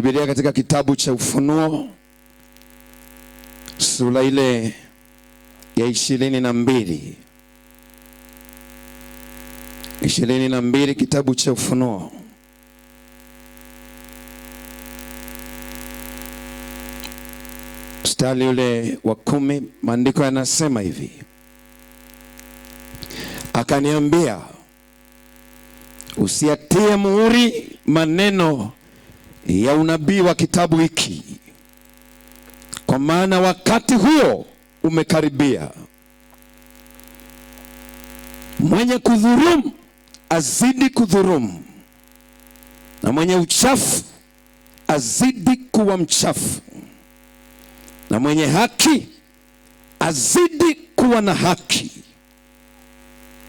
Biblia katika kitabu cha Ufunuo sura ile ya ishirini na mbili ishirini na mbili kitabu cha Ufunuo mstari ule wa kumi, maandiko yanasema hivi: akaniambia usiatie muhuri maneno ya unabii wa kitabu hiki, kwa maana wakati huo umekaribia. Mwenye kudhurumu azidi kudhurumu, na mwenye uchafu azidi kuwa mchafu, na mwenye haki azidi kuwa na haki,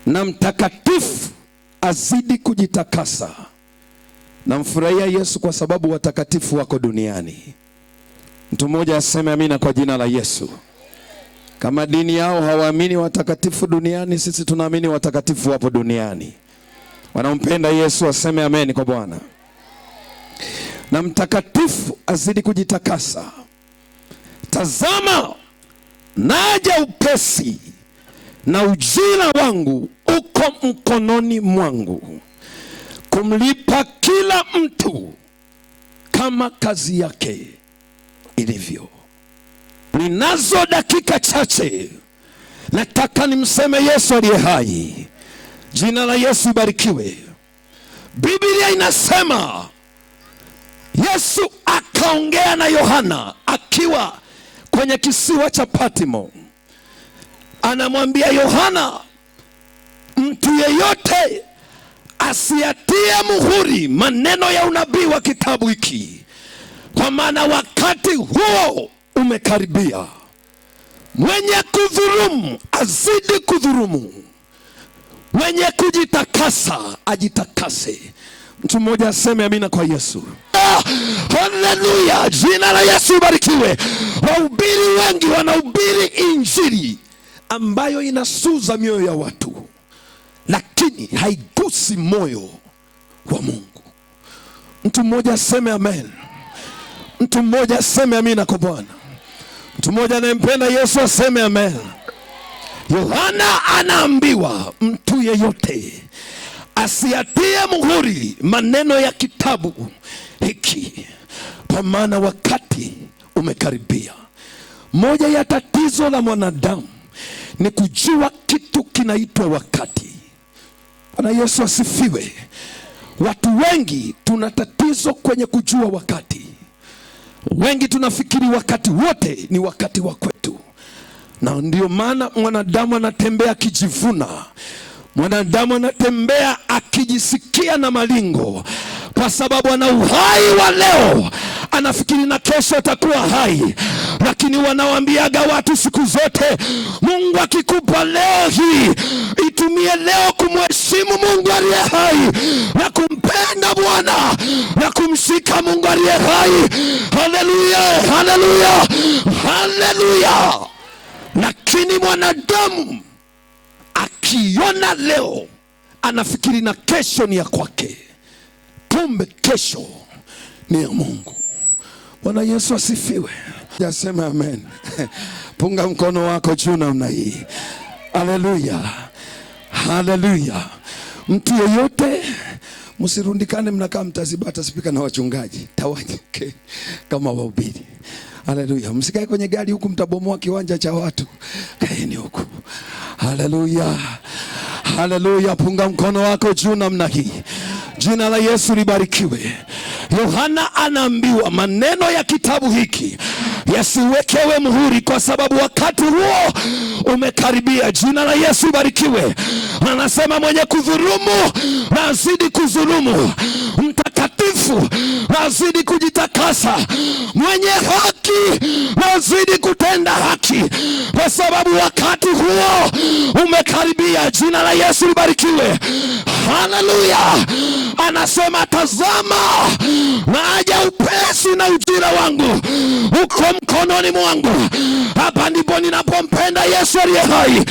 na mtakatifu azidi kujitakasa. Namfurahia Yesu kwa sababu watakatifu wako duniani. Mtu mmoja aseme amina kwa jina la Yesu. Kama dini yao hawaamini watakatifu duniani, sisi tunaamini watakatifu wapo duniani. Wanampenda Yesu aseme amen kwa Bwana. Na mtakatifu azidi kujitakasa. Tazama, naja upesi, na ujira wangu uko mkononi mwangu kumlipa kila mtu kama kazi yake ilivyo. Ninazo dakika chache, nataka nimseme Yesu aliye hai. Jina la Yesu ibarikiwe. Biblia inasema Yesu akaongea na Yohana akiwa kwenye kisiwa cha Patmo, anamwambia Yohana, mtu yeyote asiatie muhuri maneno ya unabii wa kitabu hiki, kwa maana wakati huo umekaribia. Mwenye kudhurumu azidi kudhurumu, mwenye kujitakasa ajitakase. Mtu mmoja aseme amina kwa Yesu. Ah, haleluya! Jina la Yesu barikiwe. Wahubiri wengi wanahubiri injili ambayo inasuza mioyo ya watu lakini haigusi moyo wa Mungu. Mtu mmoja aseme amen, mtu mmoja aseme amina kwa Bwana, mtu mmoja anayempenda Yesu aseme amen. Yohana anaambiwa mtu yeyote asiatie muhuri maneno ya kitabu hiki, kwa maana wakati umekaribia. Moja ya tatizo la mwanadamu ni kujua kitu kinaitwa wakati. Bwana Yesu asifiwe. Watu wengi tuna tatizo kwenye kujua wakati. Wengi tunafikiri wakati wote ni wakati wa kwetu, na ndio maana mwanadamu anatembea akijivuna, mwanadamu anatembea akijisikia na malingo, kwa sababu ana uhai wa leo anafikiri na kesho atakuwa hai, lakini wanawaambiaga watu siku zote, Mungu akikupa leo hii itumie leo kumheshimu Mungu aliye hai na kumpenda Bwana na kumshika Mungu aliye hai. Haleluya, haleluya, haleluya! Lakini mwanadamu akiona leo anafikiri na kesho ni ya kwake, kumbe kesho ni ya Mungu. Bwana Yesu asifiwe. Yasema amen. Punga mkono wako juu namna hii. Haleluya, haleluya. Mtu yeyote msirundikane, mnakaa mtazibata spika na wachungaji tawanyike kama wahubiri. Haleluya, msikae kwenye gari huku, mtabomoa kiwanja cha watu. Kaeni huku. Haleluya, haleluya. Punga mkono wako juu namna hii. Jina la Yesu libarikiwe. Yohana anaambiwa maneno ya kitabu hiki yasiwekewe muhuri, kwa sababu wakati huo umekaribia. Jina la Yesu ibarikiwe. Anasema mwenye kudhulumu na azidi kudhulumu, mtakatifu na azidi kujitakasa, mwenye haki haki, wazidi kutenda haki, kwa sababu wakati huo umekaribia. Jina la Yesu libarikiwe, haleluya. Anasema, tazama, naja upesi, na ujira wangu uko mkononi mwangu. Hapa ndipo ninapompenda Yesu aliye hai.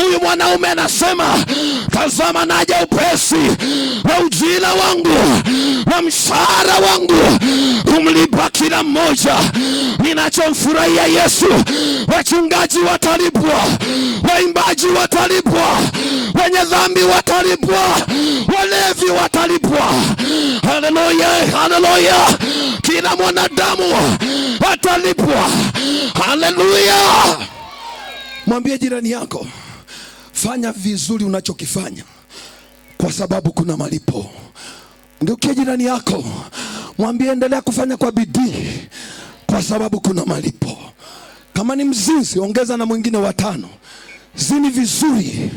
Huyu mwanaume anasema, tazama, naja upesi, na ujira wangu na mshahara wangu kumlipa kila mmoja ninachomfurahia Yesu. Wachungaji watalipwa, waimbaji watalipwa, wenye dhambi watalipwa, walevi watalipwa. Haleluya, haleluya! Kila mwanadamu atalipwa. Haleluya! Mwambie jirani yako, fanya vizuri unachokifanya kwa sababu kuna malipo. Ngeukie jirani yako, mwambie endelea kufanya kwa bidii kwa sababu kuna malipo. Kama ni mzinzi, ongeza na mwingine watano. Zini vizuri,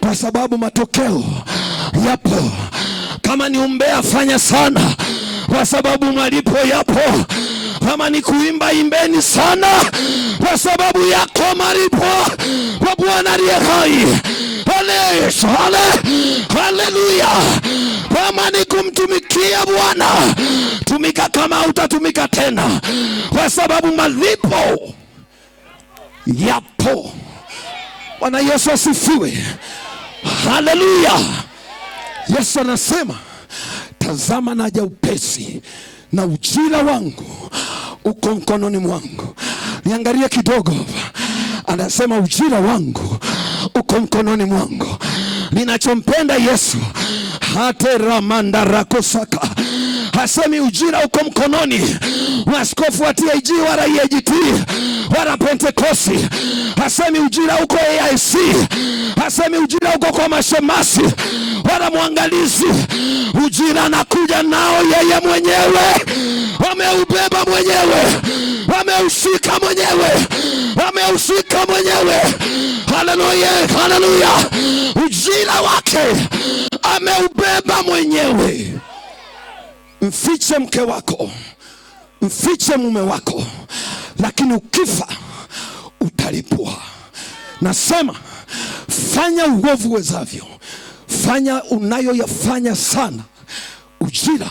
kwa sababu matokeo yapo. Kama ni umbea, fanya sana, kwa sababu malipo yapo. Kama ni kuimba, imbeni sana, kwa sababu yako malipo kwa Bwana aliye hai. Haleluya! Kama ni kumtumikia Bwana, tumika kama utatumika tena, kwa sababu malipo yapo. Bwana Yesu asifiwe, haleluya. Yesu anasema tazama, naja upesi, na ujira wangu uko mkononi mwangu. Niangalie kidogo, anasema ujira wangu uko mkononi mwangu. Ninachompenda Yesu hate ramandarakosaka Hasemi ujira uko mkononi. maskofu wa TAG wala EAGT wala Pentekosti hasemi ujira uko AIC, hasemi ujira uko kwa mashemasi wala mwangalizi. Ujira kuja nao yeye mwenyewe, wameubeba mwenyewe, wameushika mwenyewe, wameushika mwenyewe. Haleluya, haleluya. Ujira wake ameubeba mwenyewe. Mfiche mke wako, mfiche mume wako, lakini ukifa utalipwa. Nasema fanya uovu wezavyo, fanya unayoyafanya sana, ujira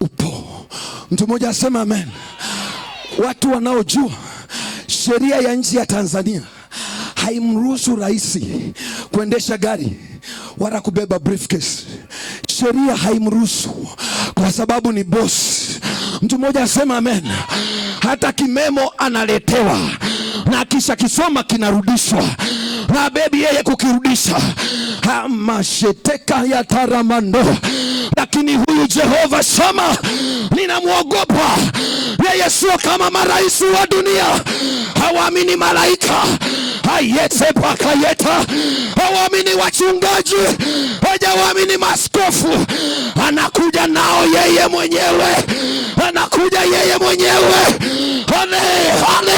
upo. Mtu mmoja asema amen. Watu wanaojua sheria ya nchi ya Tanzania haimruhusu rais kuendesha gari wala kubeba briefcase. Sheria haimruhusu kwa sababu ni boss. Mtu mmoja asema amen. Hata kimemo analetewa na kisha kisoma kinarudishwa na bebi yeye kukirudisha hamasheteka ya taramando. Lakini huyu Jehova Shama ninamwogopa yeye, sio kama marais wa dunia, hawaamini malaika pakayeta hawaamini wachungaji, hajawaamini maskofu, anakuja nao yeye mwenyewe, anakuja yeye mwenyewe. Hale,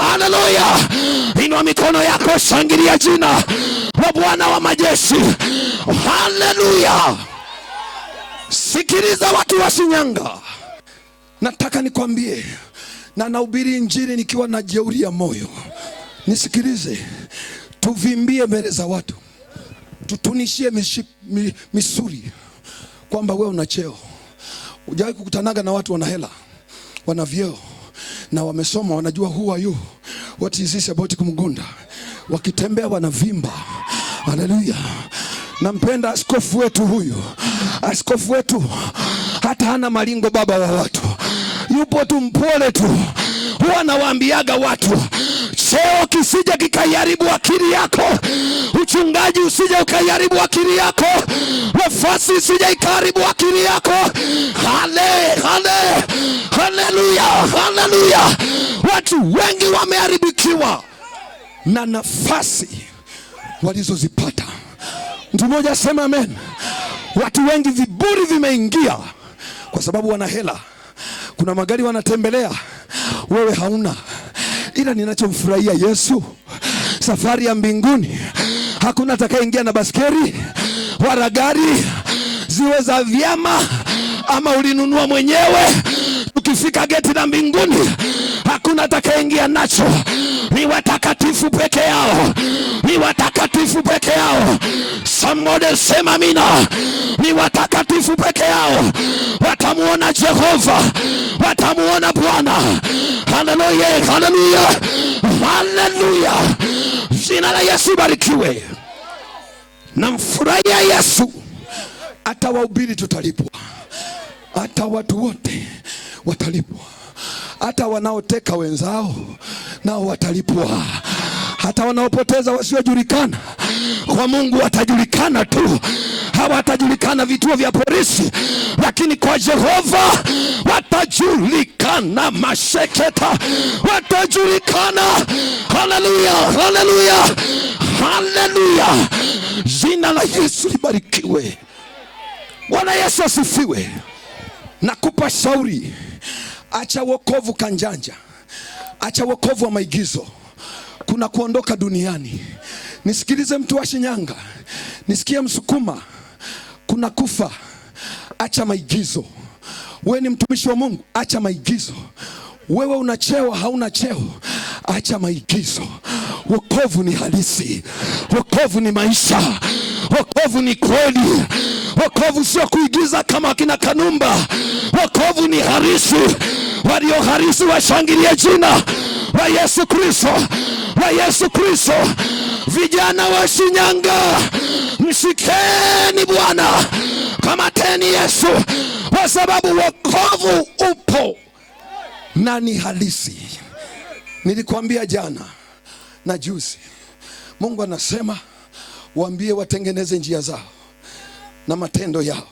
haleluya! Inua mikono yako, shangilia jina la Bwana wa majeshi. Haleluya! Sikiliza watu wa Shinyanga, nataka nikwambie, na nahubiri Injili nikiwa na jeuri ya moyo nisikilize, tuvimbie mbele za watu, tutunishie misuri kwamba wewe una cheo. Hujawahi kukutanaga na watu wana hela, wana vyeo na wamesoma, wanajua who are you, what is this about Kumgunda, wakitembea wanavimba. Haleluya! Nampenda askofu wetu huyu, askofu wetu hata hana malingo, baba wa watu, yupo tu mpole tu huwa nawaambiaga watu, cheo kisije kikaiharibu akili yako, uchungaji usije ukaiharibu akili yako, nafasi isije ikaharibu akili yako. Hale, hale, haleluya, haleluya. Watu wengi wameharibikiwa na nafasi walizozipata. Mtu mmoja asema amen. Watu wengi viburi vimeingia, kwa sababu wana hela, kuna magari wanatembelea wewe hauna, ila ninachomfurahia Yesu, safari ya mbinguni hakuna atakayeingia na baskeri wala gari, ziwe za vyama ama ulinunua mwenyewe kufika geti la mbinguni hakuna atakayeingia nacho, ni watakatifu peke yao, ni watakatifu peke yao. Somebody sema mina, ni watakatifu peke yao watamuona Jehova, watamuona Bwana. Haleluya, haleluya, haleluya! Jina la Yesu barikiwe. Namfurahia Yesu, atawahubiri tutalipwa hata watu wote watalipwa, hata wanaoteka wenzao nao watalipwa, hata wanaopoteza wasiojulikana kwa Mungu watajulikana tu. hawa watajulikana vituo vya polisi, lakini kwa Jehova watajulikana. Masheketa watajulikana. Haleluya, haleluya, haleluya! Jina la Yesu libarikiwe. Bwana Yesu asifiwe. Nakupa shauri, acha wokovu kanjanja, acha wokovu wa maigizo. Kuna kuondoka duniani. Nisikilize mtu wa Shinyanga, nisikie Msukuma, kuna kufa. Acha maigizo. Wewe ni mtumishi wa Mungu, acha maigizo. Wewe una cheo, hauna cheo, acha maigizo. Wokovu ni halisi, wokovu ni maisha, wokovu ni kweli. Wokovu sio kuigiza kama akina Kanumba. Wokovu ni harisi walio harisi washangilie jina la Yesu Kristo, la Yesu Kristo. Vijana wa Shinyanga, mshikeni Bwana, kamateni Yesu, kwa sababu wokovu upo na ni halisi. Nilikuambia jana na juzi, Mungu anasema waambie watengeneze njia zao na matendo yao,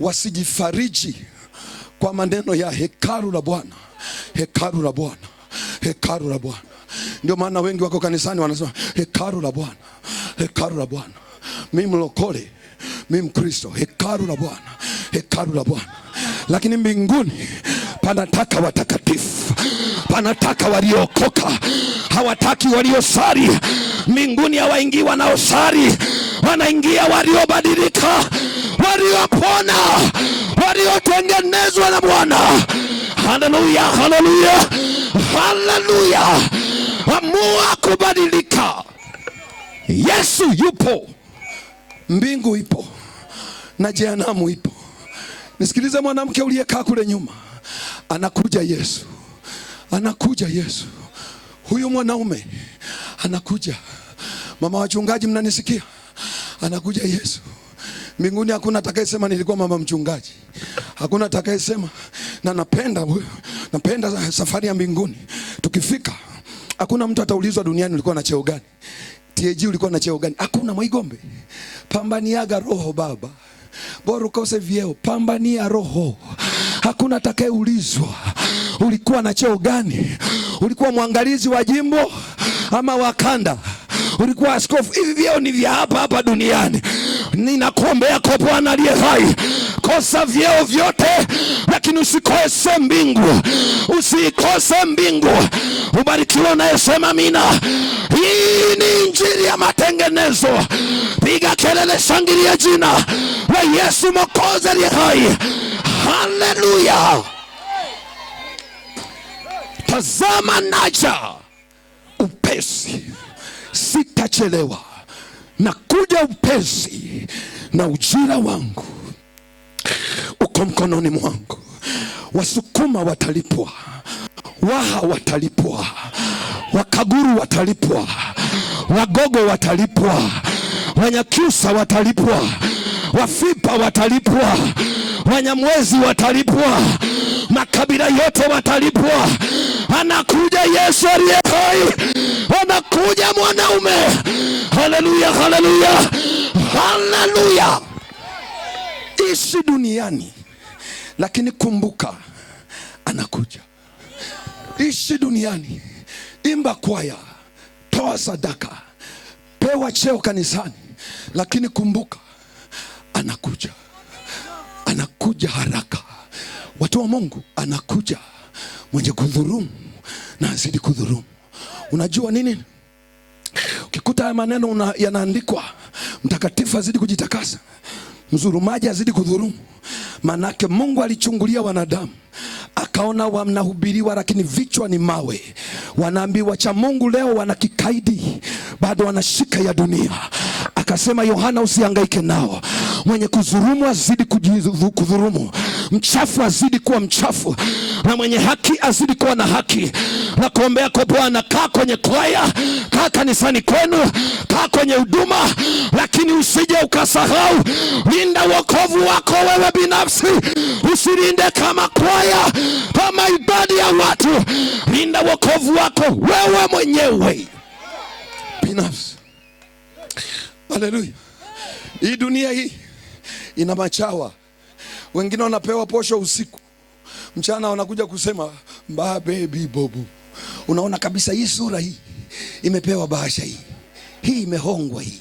wasijifariji kwa maneno ya hekalu la Bwana, hekalu la Bwana, hekalu la Bwana. Ndio maana wengi wako kanisani wanasema hekalu la Bwana, hekalu la Bwana. mi mlokole, mi Mkristo, hekalu la Bwana, hekalu la Bwana, lakini mbinguni panataka watakatifu panataka waliookoka, hawataki waliosari. Mbinguni hawaingii wanaosari, wanaingia waliobadilika, waliopona, waliotengenezwa na Bwana. Haleluya, haleluya, haleluya! Amua kubadilika. Yesu yupo, mbingu ipo na jehanamu ipo. Nisikilize mwanamke uliyekaa kule nyuma, anakuja Yesu Anakuja Yesu, huyu mwanaume anakuja. Mama wachungaji, mnanisikia? Anakuja Yesu. Mbinguni hakuna atakayesema nilikuwa mama mchungaji, hakuna atakayesema na napenda, napenda safari ya mbinguni. Tukifika hakuna mtu ataulizwa duniani ulikuwa na cheo gani, TAG ulikuwa na cheo gani. Hakuna Mwaigombe, pambaniaga roho baba, bora ukose vyeo, pambania roho hakuna atakayeulizwa ulikuwa na cheo gani, ulikuwa mwangalizi wa jimbo ama wakanda ulikuwa askofu. Hivi vyeo ni vya hapa hapa duniani. Ninakuombea kwa Bwana aliye hai, kosa vyeo vyote, lakini usikose mbingu, usikose mbingu. Ubarikiwe unayesema mina. Hii ni injili ya matengenezo. Piga kelele, shangilia jina la Yesu Mwokozi aliye hai. Haleluya! Tazama naja upesi, sitachelewa, nakuja upesi, na ujira wangu uko mkononi mwangu. Wasukuma watalipwa, Waha watalipwa, Wakaguru watalipwa, Wagogo watalipwa, Wanyakyusa watalipwa. Wafipa watalipwa, Wanyamwezi watalipwa, makabila yote watalipwa. Anakuja Yesu aliye hai, anakuja mwanaume. Haleluya, haleluya, haleluya. Ishi duniani lakini kumbuka, anakuja. Ishi duniani, imba kwaya, toa sadaka, pewa cheo kanisani, lakini kumbuka anakuja, anakuja haraka. Watu wa Mungu, anakuja mwenye kudhurumu na azidi kudhurumu. Unajua nini? Ukikuta haya maneno yanaandikwa, mtakatifu azidi kujitakasa, mzurumaji azidi kudhurumu, manake Mungu alichungulia wanadamu akaona wanahubiriwa, lakini vichwa ni mawe, wanaambiwa cha Mungu leo wana kikaidi bado wanashika ya dunia. Akasema, Yohana, usihangaike nao. Mwenye kudhurumu azidi kudhurumu, mchafu azidi kuwa mchafu, na mwenye haki azidi kuwa na haki. Na kuombea kwa Bwana, kaa kwenye kwaya, kaa kanisani kwenu, kaa kwenye huduma, lakini usije ukasahau, linda wokovu wako wewe binafsi. Usilinde kama kwaya, kama idadi ya watu, linda wokovu wako wewe mwenyewe binafsi. Haleluya! Hii dunia hii ina machawa. Wengine wanapewa posho usiku, mchana wanakuja kusema mba bobu. Unaona kabisa hii sura hii imepewa bahasha, hii hii imehongwa hii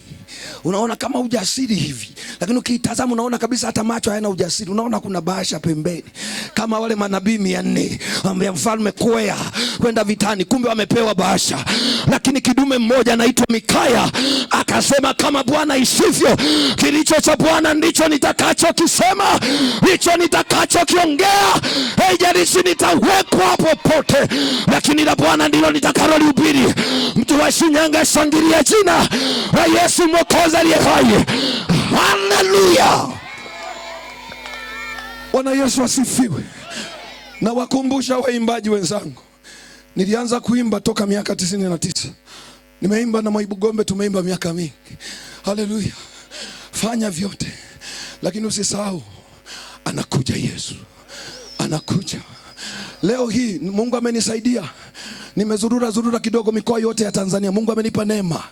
unaona kama ujasiri hivi, lakini ukitazama unaona kabisa hata macho hayana ujasiri. Unaona kuna bahasha pembeni, kama wale manabii mia nne ambia mfalme kwea kwenda vitani, kumbe wamepewa bahasha. Lakini kidume mmoja anaitwa Mikaya akasema, kama Bwana isivyo, kilicho cha Bwana ndicho nitakachokisema, hicho nitakachokiongea. Haijalishi nitawekwa popote, lakini la Bwana ndilo nitakalolihubiri. Mtu wa Shinyanga, shangilia jina la Yesu mwa mwokozi aliyefanya. Haleluya! Bwana Yesu asifiwe. Na wakumbusha waimbaji wenzangu, nilianza kuimba toka miaka tisini na tisa. Nimeimba na Mwaibu Gombe, tumeimba miaka mingi. Haleluya! Fanya vyote lakini usisahau, anakuja Yesu, anakuja. Leo hii Mungu amenisaidia nimezurura zurura kidogo mikoa yote ya Tanzania. Mungu amenipa neema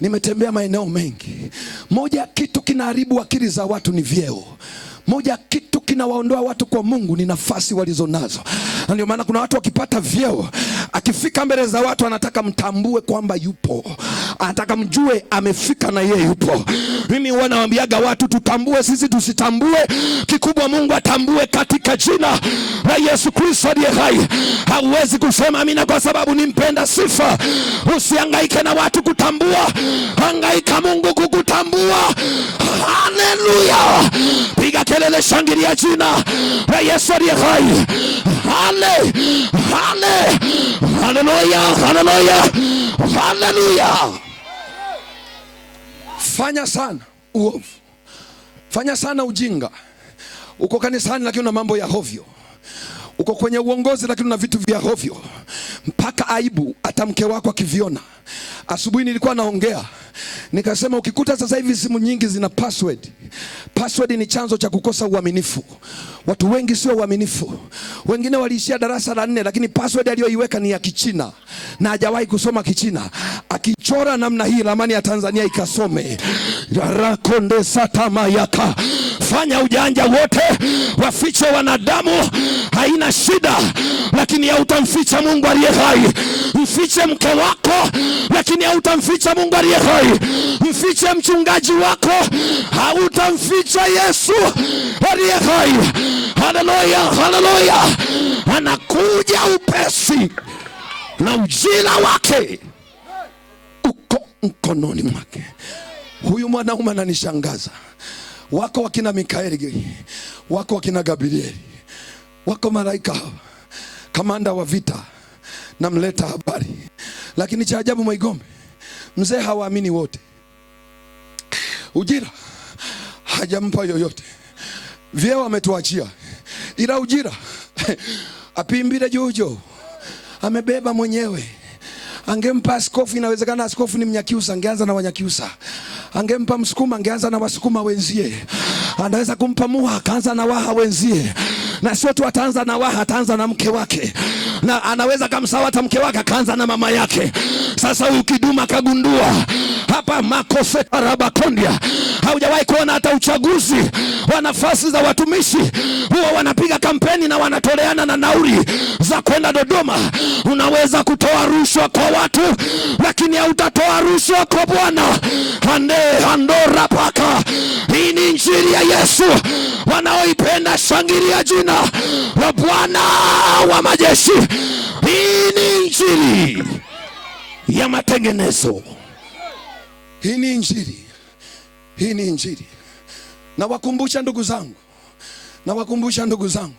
Nimetembea maeneo mengi. Moja kitu kinaharibu akili za watu ni vyeo. Moja kitu kinawaondoa watu kwa Mungu ni nafasi walizonazo. Na ndio maana kuna watu wakipata vyeo, akifika mbele za watu anataka mtambue kwamba yupo, anataka mjue amefika na yeye yupo. Mimi huwa nawaambiaga watu tutambue sisi tusitambue, kikubwa Mungu atambue katika jina la Yesu Kristo aliye hai. Hauwezi kusema amina kwa sababu ni mpenda sifa. Usihangaike na watu kutambua, hangaika Mungu kukutambua. Haleluya! kelele, shangilia jina la Yesu aliye hai. Hale, hale, haleluya, haleluya, haleluya. Fanya sana uovu, fanya sana ujinga. Uko kanisani lakini una mambo ya hovyo uko kwenye uongozi lakini una vitu vya hovyo, mpaka aibu hata mke wako akiviona. Asubuhi nilikuwa naongea nikasema, ukikuta sasa hivi simu nyingi zina password. Password ni chanzo cha kukosa uaminifu. Watu wengi sio waaminifu, wengine waliishia darasa la nne, lakini password aliyoiweka ni ya Kichina na hajawahi kusoma Kichina. Akichora namna hii ramani ya Tanzania ikasome rakonde satamayaka fanya ujanja wote wafiche wanadamu, haina shida, lakini hautamficha Mungu aliye hai. Mfiche mke wako, lakini lakini hautamficha Mungu aliye hai. Mfiche mchungaji wako, hautamficha Yesu aliye hai. Haleluya, haleluya! Anakuja upesi na ujira wake uko mkononi mwake. Huyu mwanaume ananishangaza. Wako wakina Mikaeli, wako wakina Gabrieli, wako malaika hawa, kamanda wa vita, namleta habari lakini cha ajabu Mwaigombe, mzee hawaamini wote. Ujira hajampa yoyote, vyeo ametuachia, ila ujira apimbile jujo amebeba mwenyewe. Angempa askofu, inawezekana askofu ni Mnyakyusa, angeanza na Wanyakyusa. Angempa Msukuma, angeanza na Wasukuma wenzie. Anaweza kumpa Muha, akaanza na Waha wenzie, na sio tu ataanza na Waha, ataanza na mke wake na anaweza kamsawata mke wake akaanza na mama yake. Sasa ukiduma kagundua kapa makofe arabakondia. Haujawahi kuona hata uchaguzi wa nafasi za watumishi huwa wanapiga kampeni na wanatoleana na nauri za kwenda Dodoma. Unaweza kutoa rushwa kwa watu, lakini hautatoa rushwa kwa Bwana. hande handora paka. Hii ni injili ya Yesu, wanaoipenda shangilia jina la Bwana wa majeshi. Hii ni injili ya matengenezo. Hii ni injili, hii ni injili. Nawakumbusha ndugu zangu, nawakumbusha ndugu zangu,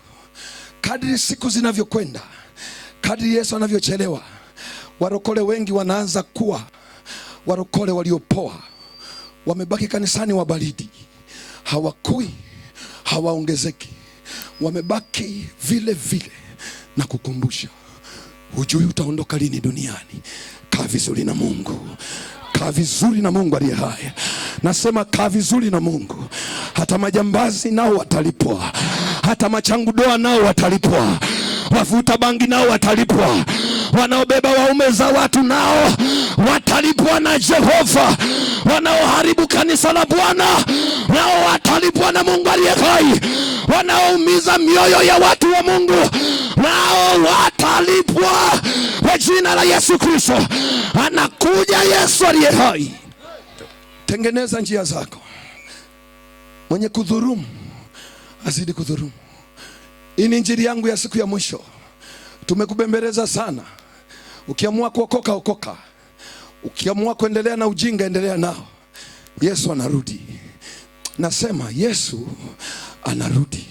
kadri siku zinavyokwenda, kadri Yesu anavyochelewa, warokole wengi wanaanza kuwa warokole waliopoa, wamebaki kanisani wa baridi, hawakui, hawaongezeki, wamebaki vile vile. Na kukumbusha, hujui utaondoka lini duniani. Kaa vizuri na Mungu. Kaa vizuri na Mungu aliye hai. Nasema kaa vizuri na Mungu, hata majambazi nao watalipwa, hata machangu doa nao watalipwa, wavuta bangi nao watalipwa, wanaobeba waume za watu nao watalipwa na Jehova. Wanaoharibu kanisa la Bwana nao watalipwa na Mungu aliye hai. Wanaoumiza mioyo ya watu wa Mungu nao watalipwa kwa jina la Yesu Kristo. Anakuja Yesu aliye hai. Tengeneza njia zako. Mwenye kudhurumu azidi kudhurumu. Hii ni injili yangu ya siku ya mwisho. Tumekubembeleza sana. Ukiamua kuokoka, okoka. Ukiamua kuendelea na ujinga, endelea nao. Yesu anarudi. Nasema Yesu anarudi.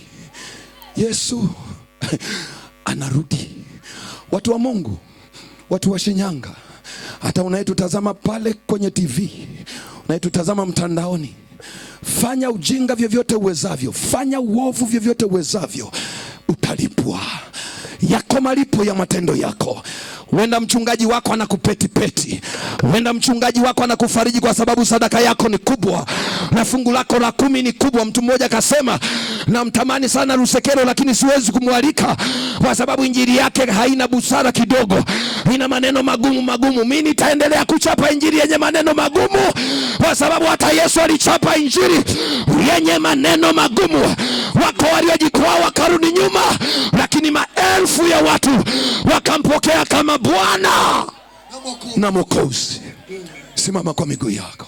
Yesu anarudi. Watu wa Mungu, watu wa Shinyanga, hata unayetutazama pale kwenye TV, unayetutazama mtandaoni, fanya ujinga vyovyote uwezavyo, fanya uovu vyovyote uwezavyo, utalipwa. Yako malipo ya matendo yako. Huenda mchungaji wako anakupetipeti, huenda mchungaji wako anakufariji kwa sababu sadaka yako ni kubwa na fungu lako la kumi ni kubwa. Mtu mmoja akasema, namtamani sana Lusekelo lakini siwezi kumwalika kwa sababu injili yake haina busara kidogo, ina maneno magumu magumu. Mi nitaendelea kuchapa injili yenye maneno magumu kwa sababu hata Yesu alichapa injili yenye maneno magumu. Wako waliojikwaa wakarudi nyuma lakini maelfu ya watu wakampokea kama Bwana na Mwokozi. Simama kwa miguu yako.